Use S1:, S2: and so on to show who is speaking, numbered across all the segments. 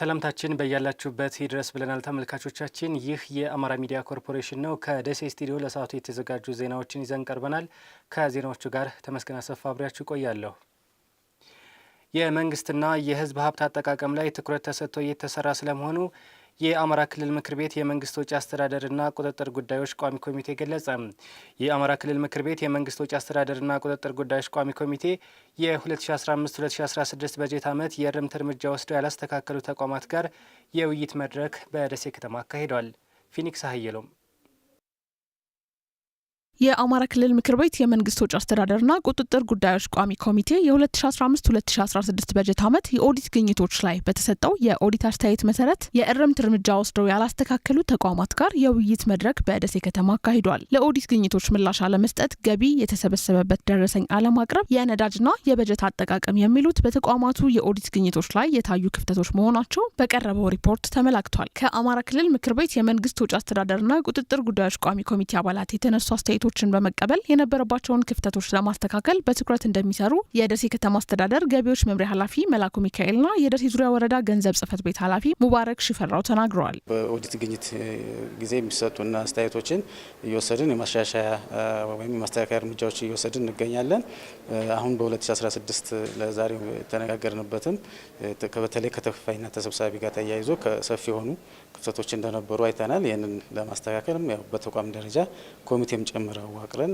S1: ሰላምታችን በያላችሁበት ይድረስ ብለናል ተመልካቾቻችን። ይህ የአማራ ሚዲያ ኮርፖሬሽን ነው። ከደሴ ስቱዲዮ ለሰዓቱ የተዘጋጁ ዜናዎችን ይዘን ቀርበናል። ከዜናዎቹ ጋር ተመስገን አሰፋ አብሬያችሁ ቆያለሁ። የመንግስትና የህዝብ ሀብት አጠቃቀም ላይ ትኩረት ተሰጥቶ እየተሰራ ስለመሆኑ የአማራ ክልል ምክር ቤት የመንግስት ወጪ አስተዳደርና ቁጥጥር ጉዳዮች ቋሚ ኮሚቴ ገለጸ። የአማራ ክልል ምክር ቤት የመንግስት ወጪ አስተዳደርና ቁጥጥር ጉዳዮች ቋሚ ኮሚቴ የ2015-2016 በጀት ዓመት የእርምት እርምጃ ወስደው ያላስተካከሉ ተቋማት ጋር የውይይት መድረክ በደሴ ከተማ አካሂዷል። ፊኒክስ አህየሎም የአማራ ክልል ምክር ቤት የመንግስት ወጪ አስተዳደርና ቁጥጥር ጉዳዮች ቋሚ ኮሚቴ የ2015-2016 በጀት ዓመት የኦዲት ግኝቶች ላይ በተሰጠው የኦዲት አስተያየት መሰረት የእርምት እርምጃ ወስደው ያላስተካከሉ ተቋማት ጋር የውይይት መድረክ በደሴ ከተማ አካሂዷል። ለኦዲት ግኝቶች ምላሽ አለመስጠት፣ ገቢ የተሰበሰበበት ደረሰኝ አለማቅረብ፣ የነዳጅና የበጀት አጠቃቀም የሚሉት በተቋማቱ የኦዲት ግኝቶች ላይ የታዩ ክፍተቶች መሆናቸው በቀረበው ሪፖርት ተመላክቷል። ከአማራ ክልል ምክር ቤት የመንግስት ወጪ አስተዳደርና ቁጥጥር ጉዳዮች ቋሚ ኮሚቴ አባላት የተነሱ አስተያየቶች አስተያየቶችን በመቀበል የነበረባቸውን ክፍተቶች ለማስተካከል በትኩረት እንደሚሰሩ የደሴ ከተማ አስተዳደር ገቢዎች መምሪያ ኃላፊ መላኩ ሚካኤልና የደሴ ዙሪያ ወረዳ ገንዘብ ጽህፈት ቤት ኃላፊ ሙባረክ ሽፈራው ተናግረዋል።
S2: በኦዲት ግኝት ጊዜ የሚሰጡና አስተያየቶችን እየወሰድን የማሻሻያ ወይም የማስተካከያ እርምጃዎች እየወሰድን እንገኛለን። አሁን በ2016 ለዛሬው የተነጋገርንበትም በተለይ ከተከፋይና ተሰብሳቢ ጋር ተያይዞ ሰፊ የሆኑ ክፍተቶች እንደነበሩ አይተናል። ይህንን ለማስተካከልም በተቋም ደረጃ ኮሚቴም ጨምረ አዋቅረን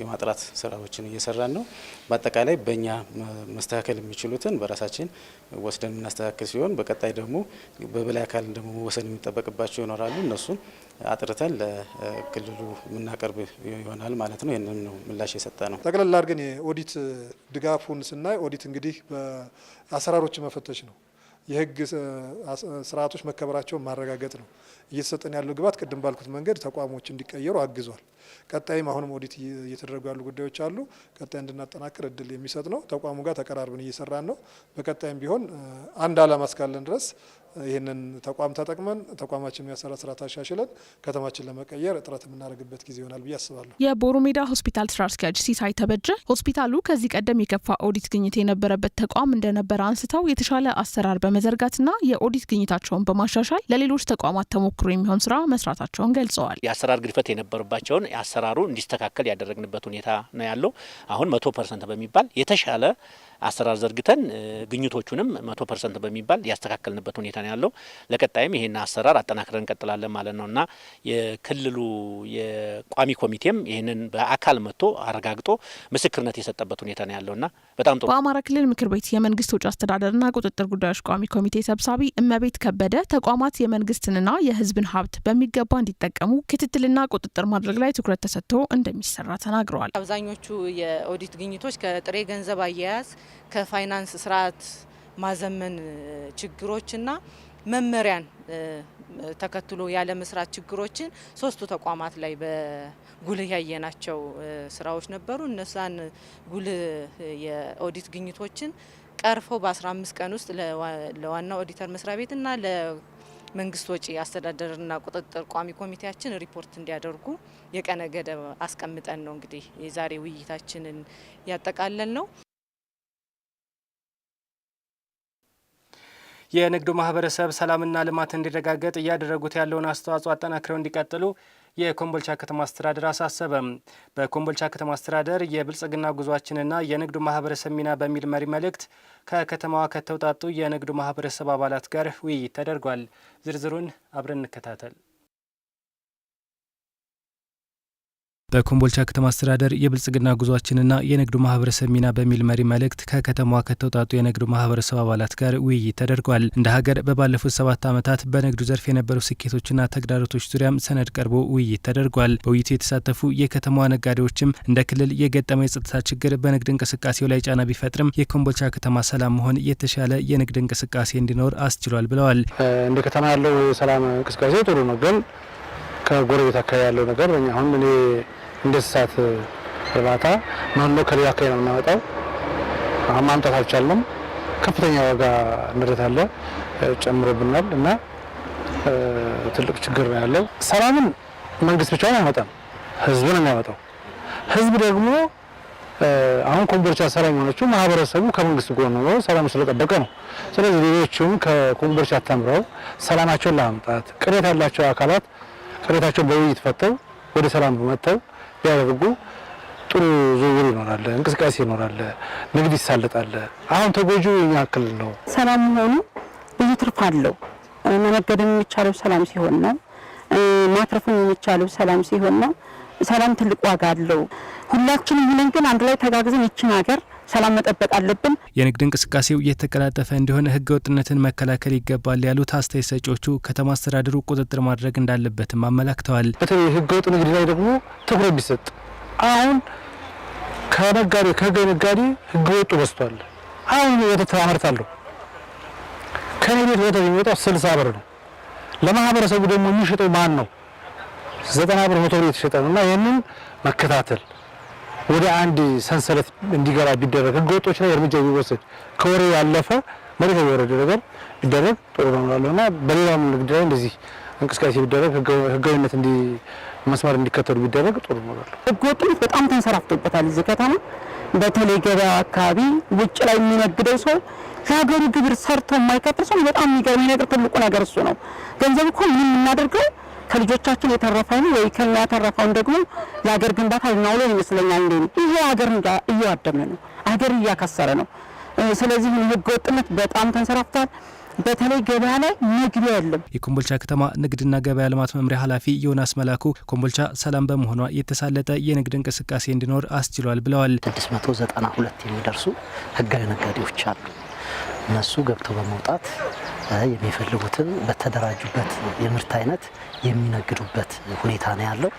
S2: የማጥራት ስራዎችን እየሰራን ነው። በአጠቃላይ በእኛ መስተካከል የሚችሉትን በራሳችን ወስደን የምናስተካከል ሲሆን በቀጣይ ደግሞ በበላይ አካል ደግሞ መወሰን የሚጠበቅባቸው ይኖራሉ። እነሱን አጥርተን ለክልሉ የምናቀርብ ይሆናል ማለት ነው። ይህንን ነው ምላሽ የሰጠ ነው።
S3: ጠቅለል አድርገን የኦዲት ድጋፉን ስናይ ኦዲት እንግዲህ በአሰራሮች መፈተሽ ነው የህግ ስርዓቶች መከበራቸውን ማረጋገጥ ነው። እየተሰጠን ያለው ግብዓት ቅድም ባልኩት መንገድ ተቋሞች እንዲቀየሩ አግዟል። ቀጣይም አሁንም ኦዲት እየተደረጉ ያሉ ጉዳዮች አሉ። ቀጣይ እንድናጠናክር እድል የሚሰጥ ነው። ተቋሙ ጋር ተቀራርበን እየሰራን ነው። በቀጣይም ቢሆን አንድ ዓላማ እስካለን ድረስ ይህንን ተቋም ተጠቅመን ተቋማችን የሚያሰራ ስራ ታሻሽለን ከተማችን ለመቀየር ጥረት የምናደርግበት ጊዜ ይሆናል ብዬ አስባለሁ።
S1: የቦሮ ሜዳ ሆስፒታል ስራ አስኪያጅ ሲሳይ ተበጀ ሆስፒታሉ ከዚህ ቀደም የከፋ ኦዲት ግኝት የነበረበት ተቋም እንደነበረ አንስተው የተሻለ አሰራር በመዘርጋትና የኦዲት ግኝታቸውን በማሻሻል ለሌሎች ተቋማት ተሞክሮ ተሞክሮ የሚሆን ስራ መስራታቸውን ገልጸዋል።
S4: የአሰራር ግድፈት የነበረባቸውን አሰራሩ እንዲስተካከል ያደረግንበት ሁኔታ ነው ያለው። አሁን መቶ ፐርሰንት በሚባል የተሻለ አሰራር ዘርግተን ግኝቶቹንም መቶ ፐርሰንት በሚባል ያስተካከልንበት ሁኔታ ነው ያለው። ለቀጣይም ይሄን አሰራር አጠናክረን እንቀጥላለን ማለት ነው እና የክልሉ የቋሚ ኮሚቴም ይህንን በአካል መጥቶ አረጋግጦ ምስክርነት የሰጠበት ሁኔታ ነው ያለው እና በጣም ጥሩ።
S1: በአማራ ክልል ምክር ቤት የመንግስት ውጭ አስተዳደርና ቁጥጥር ጉዳዮች ቋሚ ኮሚቴ ሰብሳቢ እመቤት ከበደ ተቋማት የመንግስትንና የህዝብን ሀብት በሚገባ እንዲጠቀሙ ክትትልና ቁጥጥር ማድረግ ላይ ትኩረት ተሰጥቶ እንደሚሰራ ተናግረዋል።
S5: አብዛኞቹ የኦዲት ግኝቶች ከጥሬ ገንዘብ አያያዝ ከፋይናንስ ስርዓት ማዘመን ችግሮችና መመሪያን ተከትሎ ያለ መስራት ችግሮችን ሶስቱ ተቋማት ላይ በጉልህ ያየናቸው ስራዎች ነበሩ። እነዛን ጉልህ የኦዲት ግኝቶችን ቀርፈው በ15 ቀን ውስጥ ለዋናው ኦዲተር መስሪያ ቤትና ለመንግስት ወጪ አስተዳደርና ቁጥጥር ቋሚ ኮሚቴያችን ሪፖርት እንዲያደርጉ የቀነ ገደብ አስቀምጠን ነው እንግዲህ የዛሬ ውይይታችንን ያጠቃለል ነው።
S1: የንግዱ ማህበረሰብ ሰላምና ልማት እንዲረጋገጥ እያደረጉት ያለውን አስተዋጽኦ አጠናክረው እንዲቀጥሉ የኮምቦልቻ ከተማ አስተዳደር አሳሰበም። በኮምቦልቻ ከተማ አስተዳደር የብልጽግና ጉዟችንና የንግዱ ማህበረሰብ ሚና በሚል መሪ መልእክት ከከተማዋ ከተውጣጡ የንግዱ ማህበረሰብ አባላት ጋር ውይይት ተደርጓል። ዝርዝሩን አብረን እንከታተል። በኮምቦልቻ ከተማ አስተዳደር የብልጽግና ጉዟችንና የንግዱ ማህበረሰብ ሚና በሚል መሪ መልእክት ከከተማዋ ከተውጣጡ የንግዱ ማህበረሰብ አባላት ጋር ውይይት ተደርጓል። እንደ ሀገር በባለፉት ሰባት ዓመታት በንግዱ ዘርፍ የነበሩ ስኬቶችና ተግዳሮቶች ዙሪያም ሰነድ ቀርቦ ውይይት ተደርጓል። በውይይቱ የተሳተፉ የከተማዋ ነጋዴዎችም እንደ ክልል የገጠመው የጸጥታ ችግር በንግድ እንቅስቃሴው ላይ ጫና ቢፈጥርም የኮምቦልቻ ከተማ ሰላም መሆን የተሻለ የንግድ እንቅስቃሴ እንዲኖር አስችሏል ብለዋል።
S6: እንደ ከተማ ያለው የሰላም እንቅስቃሴ ጥሩ ነው ግን ከጎረቤት አካባቢ ያለው ነገር አሁን እኔ እንደ እንስሳት እርባታ መኖ ከሌላ አካባቢ ነው የምናመጣው። ማምጣት አልቻለም። ከፍተኛ ዋጋ ንረት አለ ጨምሮብናል እና ትልቅ ችግር ነው ያለው። ሰላምን መንግስት ብቻውን አይመጣም፣ ህዝብ ነው የሚያመጣው። ህዝብ ደግሞ አሁን ኮምቦልቻ ሰላም የሆነችው ማህበረሰቡ ከመንግስት ጎን ሆኖ ሰላም ስለጠበቀ ነው። ስለዚህ ሌሎችም ከኮምቦልቻ ተምረው ሰላማቸውን ለማምጣት ቅሬታ ያላቸው አካላት ቅሬታቸውን በውይይት ፈተው ወደ ሰላም መጥተው ቢያደርጉ ጥሩ ዝውውር ይኖራል፣ እንቅስቃሴ ይኖራል፣ ንግድ ይሳለጣል። አሁን ተጎጂ እኛ ክልል ነው።
S7: ሰላም መሆኑ ብዙ ትርፍ አለው። መነገድ የሚቻለው ሰላም ሲሆን ነው። ማትረፍም የሚቻለው ሰላም ሲሆን ነው። ሰላም ትልቅ ዋጋ አለው። ሁላችንም ሁነን ግን አንድ ላይ ተጋግዘን ይችን ሀገር ሰላም መጠበቅ አለብን።
S1: የንግድ እንቅስቃሴው እየተቀላጠፈ እንዲሆን ህገወጥነትን መከላከል ይገባል ያሉት አስተያየት ሰጪዎቹ ከተማ አስተዳደሩ ቁጥጥር ማድረግ እንዳለበትም አመላክተዋል።
S6: በተለይ ህገወጥ ንግድ ላይ ደግሞ ትኩረት ቢሰጥ አሁን ከነጋዴ ከህገ ነጋዴ ህገወጡ በዝቷል። አሁን ወተት አመርታለሁ ከኔ ቤት ወተት የሚወጣው ስልሳ ብር ነው። ለማህበረሰቡ ደግሞ የሚሸጠው ማን ነው? ዘጠና ብር መቶ የተሸጠ ነው እና ይህንን መከታተል ወደ አንድ ሰንሰለት እንዲገባ ቢደረግ ህገወጦች ላይ እርምጃ ቢወሰድ ከወሬ ያለፈ መሬት የወረደ ነገር ቢደረግ ጥሩ ነው እላለሁ እና በሌላም ንግድ ላይ እንደዚህ እንቅስቃሴ ቢደረግ ህጋዊነት እንዲ መስመር እንዲከተሉ ቢደረግ ጥሩ ነው እላለሁ።
S8: ህገወጥነት በጣም ተንሰራፍቶበታል እዚህ ከተማ በተለይ ገበያ አካባቢ ውጭ ላይ የሚነግደው ሰው የሀገሩ ግብር ሰርቶ የማይከፍል ሰው በጣም የሚገርመኝ ነገር ትልቁ ነገር እሱ ነው። ገንዘብ እኮ ምንም የምናደርገው ከልጆቻችን የተረፈውን ወይ ከኛ የተረፈውን ደግሞ ለሀገር ግንባታ ልናውለው ይመስለኛል። እንዴ ይሄ ሀገር እየዋደመ ነው፣ ሀገር እያከሰረ ነው። ስለዚህ ህገ ወጥነት በጣም ተንሰራፍቷል። በተለይ ገበያ ላይ ንግድ የለም።
S1: የኮምቦልቻ ከተማ ንግድና ገበያ ልማት መምሪያ ኃላፊ ዮናስ መላኩ ኮምቦልቻ ሰላም በመሆኗ የተሳለጠ የንግድ እንቅስቃሴ እንዲኖር አስችሏል ብለዋል።
S9: 692 የሚደርሱ ህጋዊ ነጋዴዎች አሉ። እነሱ ገብተው በመውጣት የሚፈልጉትን በተደራጁበት የምርት አይነት የሚነግዱበት ሁኔታ ነው ያለው።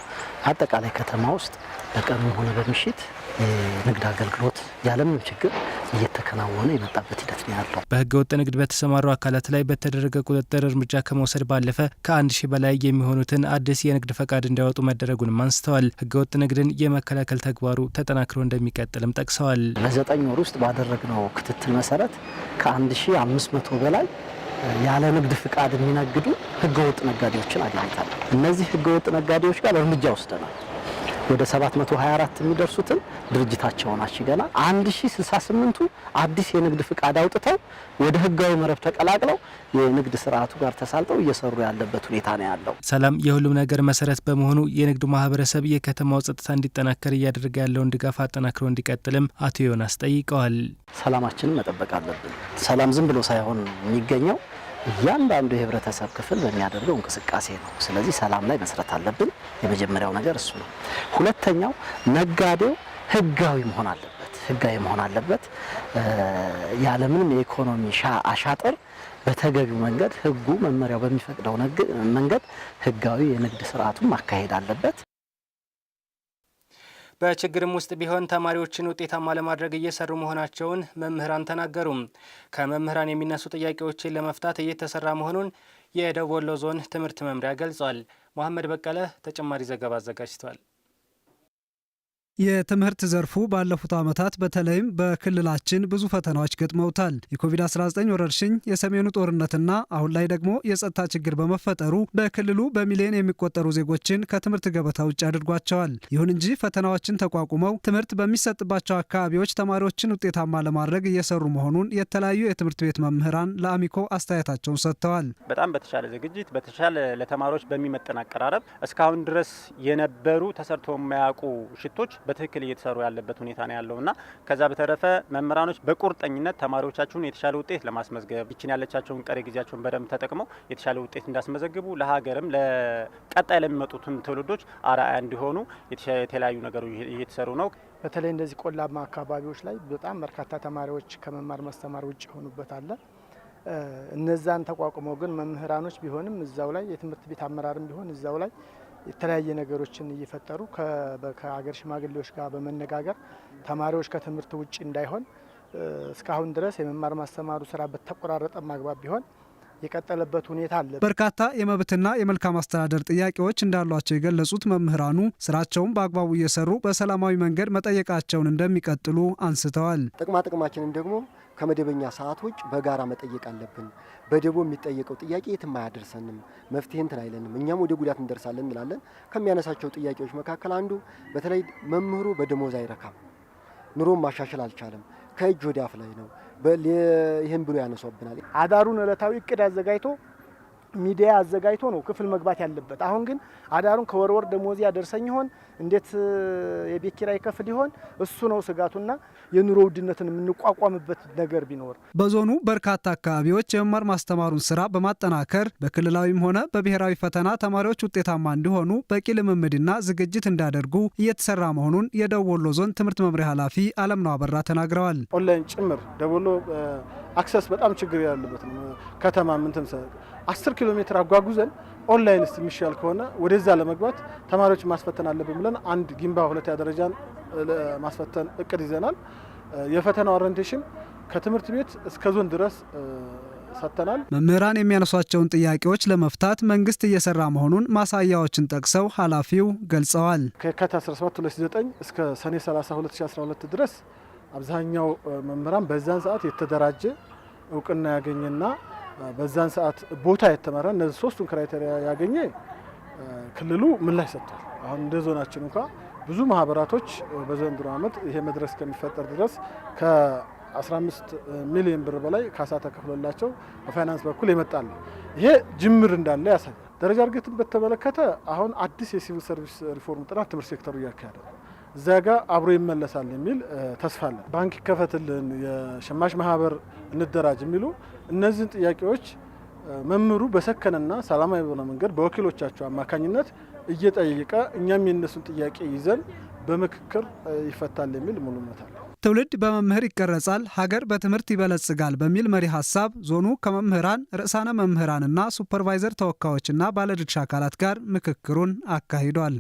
S9: አጠቃላይ ከተማ ውስጥ በቀንም ሆነ በምሽት የንግድ አገልግሎት ያለምንም ችግር እየተከናወነ የመጣበት ሂደት ነው ያለው።
S1: በህገ ወጥ ንግድ በተሰማሩ አካላት ላይ በተደረገ ቁጥጥር እርምጃ ከመውሰድ ባለፈ ከአንድ ሺህ በላይ የሚሆኑትን አዲስ የንግድ ፈቃድ እንዲያወጡ መደረጉንም አንስተዋል። ህገ ወጥ ንግድን የመከላከል ተግባሩ ተጠናክሮ እንደሚቀጥልም ጠቅሰዋል።
S9: በዘጠኝ ወር ውስጥ ባደረግነው ክትትል መሰረት ከአንድ ሺህ አምስት መቶ በላይ ያለ ንግድ ፍቃድ የሚነግዱ ህገወጥ ነጋዴዎችን አግኝተናል። እነዚህ ህገወጥ ነጋዴዎች ጋር እርምጃ ወስደናል። ወደ 724 የሚደርሱትን ድርጅታቸውን አሽገናል። 1068ቱ አዲስ የንግድ ፍቃድ አውጥተው ወደ ህጋዊ መረብ ተቀላቅለው የንግድ ስርዓቱ ጋር ተሳልጠው እየሰሩ ያለበት ሁኔታ ነው ያለው።
S1: ሰላም የሁሉም ነገር መሰረት በመሆኑ የንግዱ ማህበረሰብ የከተማው ጸጥታ እንዲጠናከር እያደረገ ያለውን ድጋፍ አጠናክሮ እንዲቀጥልም አቶ ዮናስ ጠይቀዋል።
S9: ሰላማችንን መጠበቅ አለብን። ሰላም ዝም ብሎ ሳይሆን የሚገኘው እያንዳንዱ የህብረተሰብ ክፍል በሚያደርገው እንቅስቃሴ ነው። ስለዚህ ሰላም ላይ መስረት አለብን። የመጀመሪያው ነገር እሱ ነው። ሁለተኛው ነጋዴው ህጋዊ መሆን አለበት። ህጋዊ መሆን አለበት። ያለምንም የኢኮኖሚ አሻጥር በተገቢው መንገድ ህጉ መመሪያው በሚፈቅደው መንገድ ህጋዊ የንግድ ስርዓቱን ማካሄድ አለበት።
S1: በችግርም ውስጥ ቢሆን ተማሪዎችን ውጤታማ ለማድረግ እየሰሩ መሆናቸውን መምህራን ተናገሩ። ከመምህራን የሚነሱ ጥያቄዎችን ለመፍታት እየተሰራ መሆኑን የደቡብ ወሎ ዞን ትምህርት መምሪያ ገልጿል። መሐመድ በቀለ ተጨማሪ ዘገባ አዘጋጅቷል። የትምህርት ዘርፉ ባለፉት ዓመታት በተለይም በክልላችን ብዙ ፈተናዎች ገጥመውታል። የኮቪድ-19 ወረርሽኝ፣ የሰሜኑ ጦርነትና አሁን ላይ ደግሞ የጸጥታ ችግር በመፈጠሩ በክልሉ በሚሊዮን የሚቆጠሩ ዜጎችን ከትምህርት ገበታ ውጭ አድርጓቸዋል። ይሁን እንጂ ፈተናዎችን ተቋቁመው ትምህርት በሚሰጥባቸው አካባቢዎች ተማሪዎችን ውጤታማ ለማድረግ እየሰሩ መሆኑን የተለያዩ የትምህርት ቤት መምህራን ለአሚኮ አስተያየታቸውን ሰጥተዋል።
S10: በጣም በተሻለ ዝግጅት፣ በተሻለ ለተማሪዎች በሚመጠን አቀራረብ እስካሁን ድረስ የነበሩ ተሰርቶ የማያውቁ ሽቶች በትክክል እየተሰሩ ያለበት ሁኔታ ነው ያለው እና ከዛ በተረፈ መምህራኖች በቁርጠኝነት ተማሪዎቻችሁን የተሻለ ውጤት ለማስመዝገብ ይችን ያለቻቸውን ቀሪ ጊዜያቸውን በደንብ ተጠቅመው የተሻለ ውጤት እንዳስመዘግቡ ለሀገርም ለቀጣይ ለሚመጡትም ትውልዶች አርአያ እንዲሆኑ የተለያዩ ነገሮች እየተሰሩ ነው።
S11: በተለይ እንደዚህ ቆላማ አካባቢዎች ላይ በጣም በርካታ ተማሪዎች ከመማር ማስተማር ውጭ የሆኑበት አለ። እነዛን ተቋቁመው ግን መምህራኖች ቢሆንም እዛው ላይ የትምህርት ቤት አመራርም ቢሆን እዛው ላይ የተለያየ ነገሮችን እየፈጠሩ ከሀገር ሽማግሌዎች ጋር በመነጋገር ተማሪዎች ከትምህርት ውጭ እንዳይሆን እስካሁን ድረስ የመማር ማስተማሩ ስራ በተቆራረጠ ማግባብ ቢሆን የቀጠለበት ሁኔታ አለ። በርካታ የመብትና የመልካም አስተዳደር ጥያቄዎች እንዳሏቸው የገለጹት መምህራኑ ስራቸውን በአግባቡ እየሰሩ በሰላማዊ መንገድ መጠየቃቸውን እንደሚቀጥሉ አንስተዋል።
S12: ጥቅማ ጥቅማችንን ደግሞ ከመደበኛ ሰዓት ውጭ በጋራ መጠየቅ አለብን። በደቦ የሚጠየቀው ጥያቄ የትም አያደርሰንም፣ መፍትሄ እንትን አይለንም፣ እኛም ወደ ጉዳት እንደርሳለን እንላለን። ከሚያነሳቸው ጥያቄዎች መካከል አንዱ በተለይ መምህሩ በደሞዝ አይረካም፣ ኑሮም ማሻሸል አልቻለም፣ ከእጅ ወደ አፍ ላይ ነው፣ ይህን ብሎ ያነሷብናል።
S13: አዳሩን እለታዊ እቅድ አዘጋጅቶ ሚዲያ አዘጋጅቶ ነው ክፍል መግባት ያለበት። አሁን ግን አዳሩን ከወር ወር ደሞዝ ያደርሰኝ ይሆን፣ እንዴት የቤት ኪራይ ከፍል ይሆን? እሱ ነው ስጋቱና የኑሮ ውድነትን የምንቋቋምበት ነገር ቢኖር።
S1: በዞኑ በርካታ አካባቢዎች የመማር ማስተማሩን ስራ በማጠናከር በክልላዊም ሆነ በብሔራዊ ፈተና ተማሪዎች ውጤታማ እንዲሆኑ በቂ ልምምድና ዝግጅት እንዳደርጉ እየተሰራ መሆኑን የደቡብ ወሎ ዞን ትምህርት መምሪያ ኃላፊ ነው አበራ ተናግረዋል።
S14: ኦንላይን ጭምር ደቡብ ወሎ አክሰስ በጣም ችግር ያለበት ከተማ ምንትን አስር ኪሎ ሜትር አጓጉዘን ኦንላይን ስ የሚሻል ከሆነ ወደዛ ለመግባት ተማሪዎች ማስፈተን አለብን ብለን አንድ ጊንባ ሁለተኛ ደረጃን ማስፈተን እቅድ ይዘናል። የፈተና ኦሪንቴሽን ከትምህርት ቤት እስከ ዞን ድረስ ሰጥተናል።
S1: መምህራን የሚያነሷቸውን ጥያቄዎች ለመፍታት መንግስት እየሰራ መሆኑን ማሳያዎችን ጠቅሰው ኃላፊው ገልጸዋል።
S15: ከካት 1729 እስከ ሰኔ 30 2012 ድረስ አብዛኛው መምህራን በዛን ሰዓት የተደራጀ እውቅና ያገኘና በዛን ሰዓት ቦታ የተመራ እነዚህ ሶስቱን ክራይቴሪያ ያገኘ ክልሉ ምላሽ ሰጥቷል። አሁን እንደ ዞናችን እንኳ ብዙ ማህበራቶች በዘንድሮ ዓመት ይሄ መድረስ እስከሚፈጠር ድረስ ከ15 ሚሊዮን ብር በላይ ካሳ ተከፍሎላቸው በፋይናንስ በኩል ይመጣል። ይሄ ጅምር እንዳለ ያሳያል። ደረጃ እድገትን በተመለከተ አሁን አዲስ የሲቪል ሰርቪስ ሪፎርም ጥናት ትምህርት ሴክተሩ እያካሄደ ነው። እዚያ ጋር አብሮ ይመለሳል የሚል ተስፋ አለን። ባንክ ይከፈትልን፣ የሸማች ማህበር እንደራጅ የሚሉ እነዚህን ጥያቄዎች መምህሩ በሰከነና ሰላማዊ በሆነ መንገድ በወኪሎቻቸው አማካኝነት እየጠየቀ እኛም የእነሱን ጥያቄ ይዘን በምክክር ይፈታል የሚል ሙሉ እምነት አለ።
S1: ትውልድ በመምህር ይቀረጻል፣ ሀገር በትምህርት ይበለጽጋል በሚል መሪ ሀሳብ ዞኑ ከመምህራን ርዕሳነ መምህራንና ሱፐርቫይዘር ተወካዮችና ባለድርሻ አካላት ጋር ምክክሩን አካሂዷል።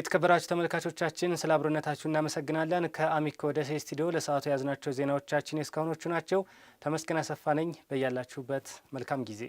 S1: የተከበራችሁ ተመልካቾቻችን ስለ አብሮነታችሁ እናመሰግናለን። ከአሚኮ ደሴ ስቱዲዮ ለሰዓቱ የያዝናቸው ዜናዎቻችን የእስካሁኖቹ ናቸው። ተመስገን አሰፋ ነኝ። በያላችሁበት መልካም ጊዜ